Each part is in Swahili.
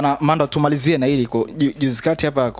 Bwana Mando, tumalizie na hili. Juzi kati hapa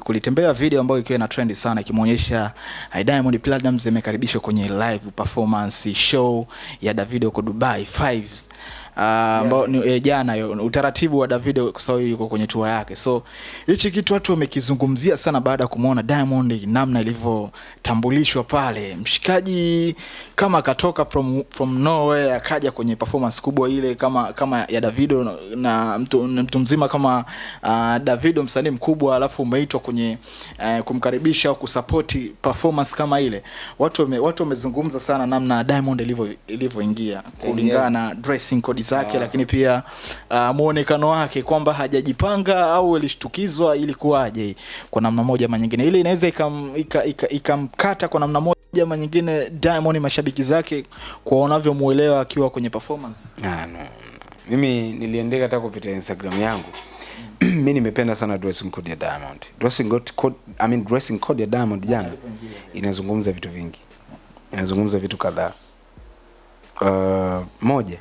kulitembea video ambayo ikiwa ina trend sana ikimwonyesha eh, Diamond Platnumz zimekaribishwa kwenye live performance show ya Davido kwa Dubai Fives. Ah, ambao uh, yeah. ni eh, jana yo, utaratibu wa Davido kwa sababu yuko kwenye tour yake, so hichi kitu watu wamekizungumzia sana baada ya kumwona Diamond namna ilivyotambulishwa pale, mshikaji kama akatoka from, from nowhere akaja kwenye performance kubwa ile kama kama ya Davido na mtu, mtu mzima kama uh, ah, Davido msanii mkubwa, alafu umeitwa kwenye uh, kumkaribisha au kusupport performance kama ile, watu wame, watu wamezungumza sana namna Diamond ilivyo ilivyoingia kulingana na dressing code zake, ah. lakini pia uh, muonekano wake kwamba hajajipanga au alishtukizwa ilikuwaje, kwa namna moja ama nyingine, ili inaweza ikamkata ika, ika, ika kwa namna moja ama nyingine Diamond, mashabiki zake kwa wanavyomuelewa akiwa kwenye performance. Ah, no, Mimi niliendeka hata kupitia Instagram yangu mi nimependa sana dressing code ya Diamond. Dressing code, I mean dressing code ya Diamond jana inazungumza vitu vingi, inazungumza vitu kadhaa. Uh, moja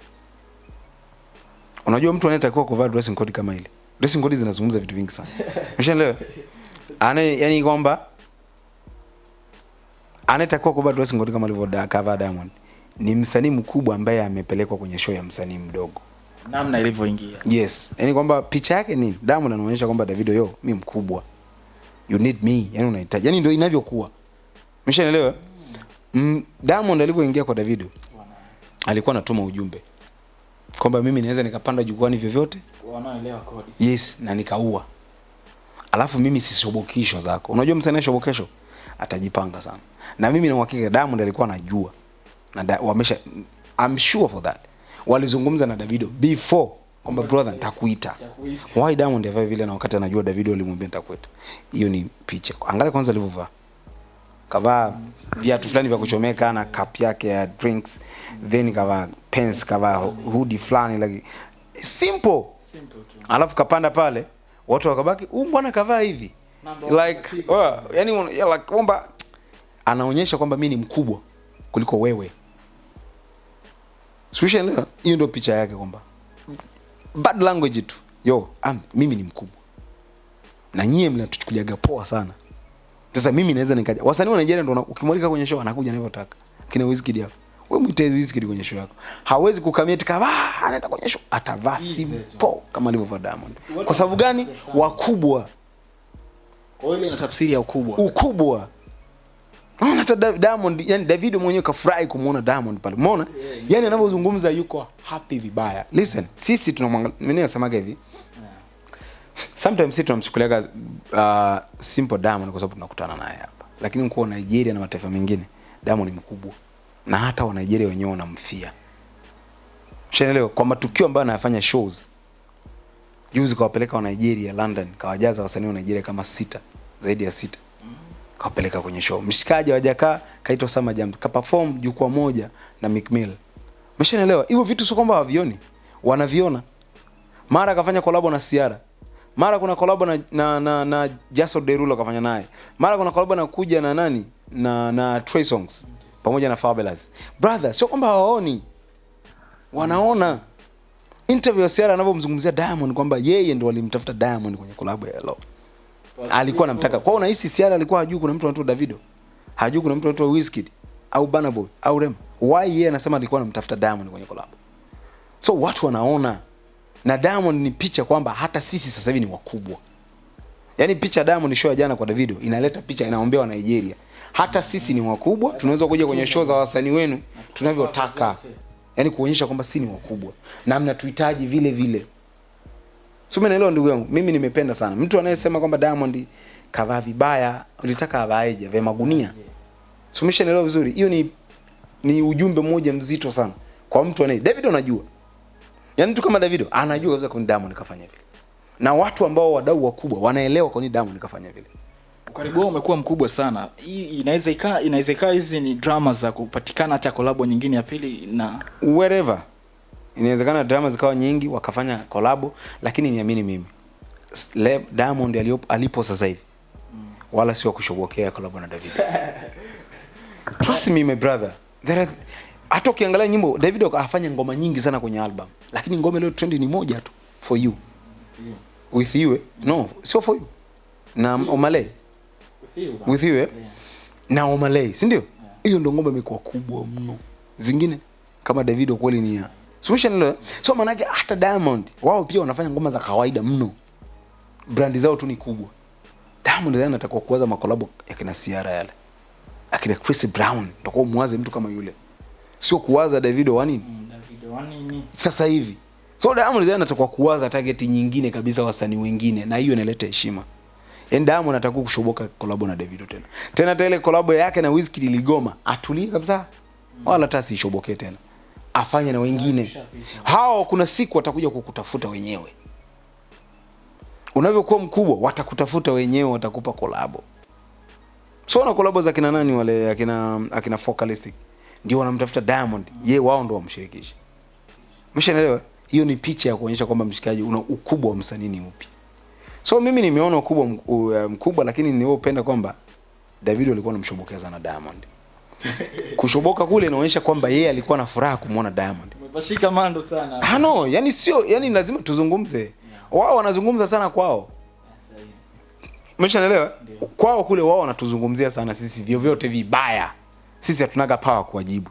Unajua mtu anayetakiwa kuvaa dressing code kama ile. Dressing code zinazungumza vitu vingi sana. Umeshaelewa? Ana yani kwamba anayetakiwa kuvaa dressing code kama alivyo cover Diamond ni msanii mkubwa ambaye amepelekwa kwenye show ya msanii mdogo. Namna ilivyoingia. Yes. Yani kwamba picha yake ni Diamond anaonyesha kwamba Davido yo, mimi mkubwa. You need me. Yani unahitaji. Yani ndio inavyokuwa. Umeshaelewa? Hmm. Mm, Diamond alivyoingia kwa Davido alikuwa anatuma ujumbe kwamba mimi naweza nikapanda jukwani vyovyote, wanaelewa kodi. Yes, na nikaua. Alafu mimi sisobokishwa zako. Unajua msanii anayeshobokeshwa atajipanga sana. Na mimi na uhakika Diamond alikuwa anajua. Na da, wamesha I'm sure for that. Walizungumza na Davido before kwamba brother nitakuita. Why Diamond avai vile na wakati anajua Davido alimwambia nitakuita. Hiyo ni picha. Angalia kwanza alivyovaa kavaa viatu fulani vya kuchomeka na cup yake ya drinks, then kavaa pants, kavaa hoodie fulani like simple simple tu, alafu kapanda pale, watu wakabaki, huyu bwana kavaa hivi like uh, yani yeah, like kwamba anaonyesha kwamba mimi ni mkubwa kuliko wewe, sio? Hiyo ndio picha yake kwamba bad language tu yo, am, mimi ni mkubwa na nyie mnatuchukuliaga poa sana sasa mimi naweza nikaja. Wasanii wa Nigeria ndio ukimwalika kwenye show anakuja anavyotaka. Kina Wizkid hapo. Wewe mwite Wizkid kwenye show yako. Hawezi kukamia tika ah anaenda kwenye show atavaa simpo kama alivyovaa Diamond. Kwa sababu gani? Wakubwa. Kwa hiyo ina tafsiri ya ukubwa. Ukubwa. Unaona hata Diamond, yani Davido mwenyewe kafurahi kumuona Diamond pale. Umeona? Yani anavyozungumza yuko happy vibaya. Listen, sisi tunamwangalia, mimi nasemaga hivi sometimes sisi tunamchukuliaga uh, simple Diamond kwa sababu tunakutana naye hapa, lakini mkuu wa Nigeria na mataifa mengine Diamond ni mkubwa, na hata wa Nigeria wenyewe wanamfia Shenelewa kwa matukio ambayo anayafanya shows. Juzi kawapeleka wa Nigeria London, kawajaza wasanii wa Nigeria kama sita, zaidi ya sita. Kawapeleka kwenye show. Mshikaji hajakaa, kaitwa Sama Jams, kaperform jukwa moja na Meek Mill. Umeshaelewa? Hivyo vitu sio kwamba wavioni wanaviona. Mara akafanya collab na Ciara mara kuna kolabo na na, na, na jaso Derulo kafanya naye, mara kuna kolabo na kuja na nani na na Trey Songs pamoja na Fabulous brother. Sio kwamba hawaoni, wanaona interview ya Sierra anavyomzungumzia Diamond kwamba yeye ndo alimtafuta Diamond kwenye kolabo ya Hello, alikuwa anamtaka kwao. Unahisi Sierra alikuwa hajui kuna mtu anaitwa Davido, hajui kuna mtu anaitwa Wizkid au Burna Boy au Rem Why yeye anasema alikuwa anamtafuta Diamond kwenye kolabo So watu wanaona na Diamond ni picha kwamba hata sisi sasa hivi ni wakubwa. Yaani picha ya Diamond show ya jana kwa Davido inaleta picha inaombea wa Nigeria. Hata sisi ni wakubwa, tunaweza kuja kwenye show za wasanii wenu tunavyotaka. Yaani kuonyesha kwamba sisi ni wakubwa na mnatuhitaji vile vile. Sio naelewa ndugu yangu, mimi nimependa sana. Mtu anayesema kwamba Diamond kavaa vibaya, ulitaka avaeje? Vya magunia. Sio naelewa vizuri. Hiyo ni ni ujumbe mmoja mzito sana kwa mtu anaye. David anajua. Yaani mtu kama Davido anajua kabisa kwa nini Diamond kafanya vile. Na watu ambao wadau wakubwa wanaelewa kwa nini Diamond kafanya vile. Ukaribu wao umekuwa mkubwa sana. Hii inaweza ikaa inaweza ikaa hizi ni drama za kupatikana hata collab nyingine ya pili na wherever. Inawezekana drama zikawa nyingi wakafanya kolabo lakini niamini mimi Diamond aliyopo alipo sasa hivi hmm. wala sio kushobokea collab na Davido. Trust me my brother. There are hata ukiangalia nyimbo Davido afanya ngoma nyingi sana kwenye album, lakini ngoma ile trend ni moja tu, for you yeah. with you eh? no, sio for you na Omale with you, with you eh? yeah. na Omale, si ndio? hiyo yeah. ndo ngoma imekuwa kubwa mno, zingine kama Davido kweli ni ya solution. ndio eh? So maana yake hata Diamond wao pia wanafanya ngoma za kawaida mno, brandi zao tu ni kubwa. Diamond anatakiwa kuanza makolabo ya kina Ciara yale akina Chris Brown, ndio kwa muanze mtu kama yule sio kuwaza Davido wa nini, mm, Davido wa sasa hivi. So Diamond yeye anatakuwa kuwaza target nyingine kabisa, wasanii wengine, na hiyo inaleta heshima. Yaani Diamond anatakuwa kushoboka collab na Davido tena tena, tele collab yake na Wizkid iligoma, atulie kabisa, mm. wala hata asishobokee tena, afanye na wengine hao. Kuna siku watakuja kukutafuta wenyewe, unavyokuwa mkubwa watakutafuta wenyewe, watakupa collab. So na collab za kina nani wale akina akina Focalistic ndio wanamtafuta Diamond, ye wao ndo wamshirikishe. Mshaelewa? Hiyo ni picha ya kuonyesha kwamba mshikaji una ukubwa wa msanii ni upi. So mimi nimeona ukubwa eh, mkubwa, lakini niliopenda kwamba David alikuwa anamshobokeza sana Diamond. Kushoboka kule inaonyesha kwamba yeye alikuwa na furaha kumuona Diamond. Umebashika mando sana. Ah no, yani sio, yani lazima tuzungumze. Wao wanazungumza sana kwao. Umeshaelewa? Kwao kule wao wanatuzungumzia sana sisi vyovyote vibaya sisi hatunaga power kuwajibu.